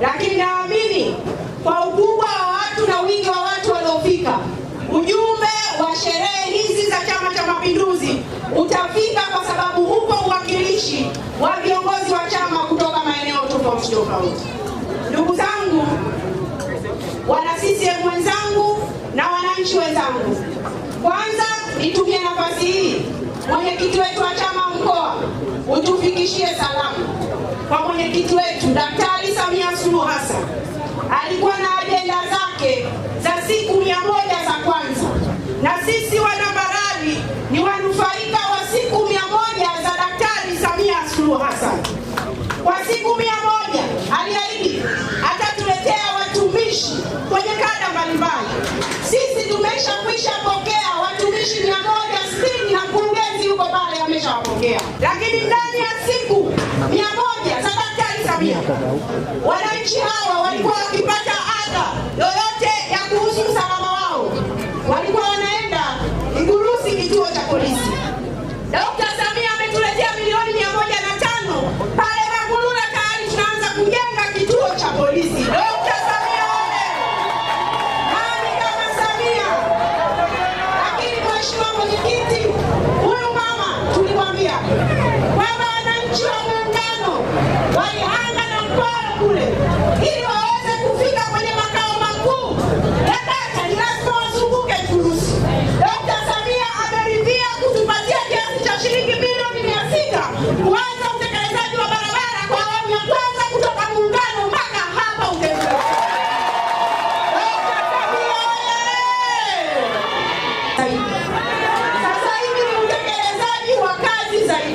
lakini naamini kwa ukubwa wa watu na wingi wa watu waliofika, ujumbe wa sherehe hizi za Chama cha Mapinduzi utafika, kwa sababu huko uwakilishi wa viongozi wa chama kutoka maeneo tofauti tofauti. Ndugu zangu, wana CCM wenzangu na wananchi wenzangu, kwanza nitumie nafasi hii mwenyekiti wetu wa chama mkoa utufikishie salamu kwa mwenyekiti wetu Daktari Samia Suluhu Hassan. Alikuwa na ajenda zake za siku mia moja za kwanza, na sisi wanabarari ni wanufaika wa siku mia moja za Daktari Samia Suluhu Hassan. Kwa siku mia moja aliahidi atatuletea watumishi kwenye kada mbalimbali. Sisi tumeshakwisha pokea watumishi mia moja sitini na mkurugenzi yuko pale ameshawapokea, lakini ndani ya siku Wananchi hawa walikuwa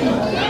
Thank you.